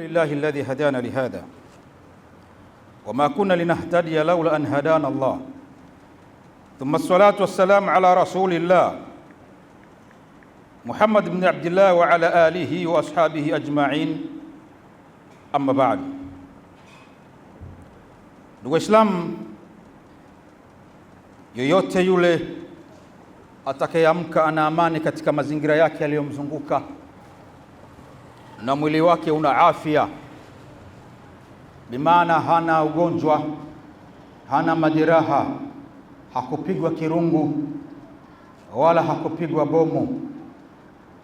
لله الذي هدانا لهذا وما كنا لنهتدي لولا أن هدانا الله ثم الصلاة والسلام على رسول الله محمد بن عبد الله وعلى آله وأصحابه أجمعين أما بعد دو إسلام yoyote yule atakayeamka ana amani katika mazingira yake yaliyomzunguka na mwili wake una afya, bimaana hana ugonjwa, hana majeraha, hakupigwa kirungu wala hakupigwa bomu,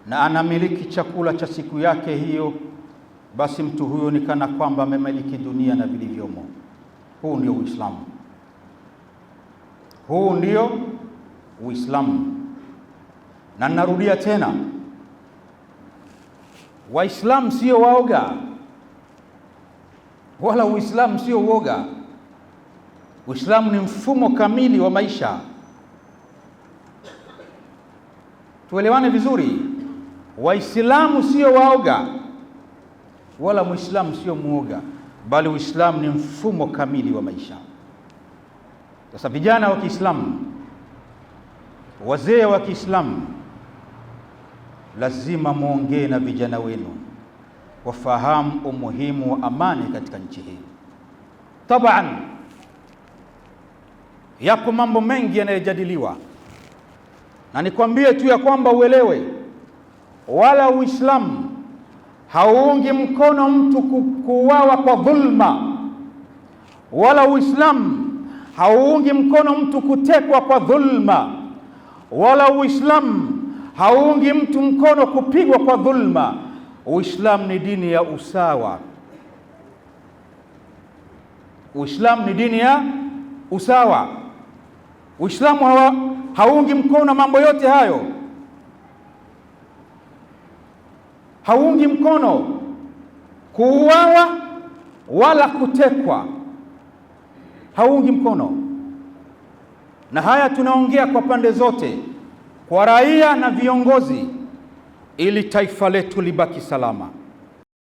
na anamiliki chakula cha siku yake hiyo, basi mtu huyo ni kana kwamba amemiliki dunia na vilivyomo. Huu ndio Uislamu, huu ndio Uislamu. Na narudia tena Waislamu sio waoga, wala Uislamu sio uoga. Uislamu ni mfumo kamili wa maisha. Tuelewane vizuri, Waislamu sio waoga, wala Muislamu sio muoga, bali Uislamu ni mfumo kamili wa maisha. Sasa vijana wa Kiislamu, wazee wa Kiislamu lazima muongee na vijana wenu wafahamu umuhimu wa amani katika nchi hii. Taban, yako mambo mengi yanayojadiliwa, na nikwambie tu ya kwamba uelewe, wala Uislamu hauungi mkono mtu kuuawa kwa dhulma, wala Uislamu hauungi mkono mtu kutekwa kwa dhulma, wala Uislamu haungi mtu mkono kupigwa kwa dhulma. Uislamu ni dini ya usawa. Uislamu ni dini ya usawa. Uislamu haungi mkono mambo yote hayo, haungi mkono kuuawa wala kutekwa, haungi mkono. Na haya tunaongea kwa pande zote kwa raia na viongozi, ili taifa letu libaki salama.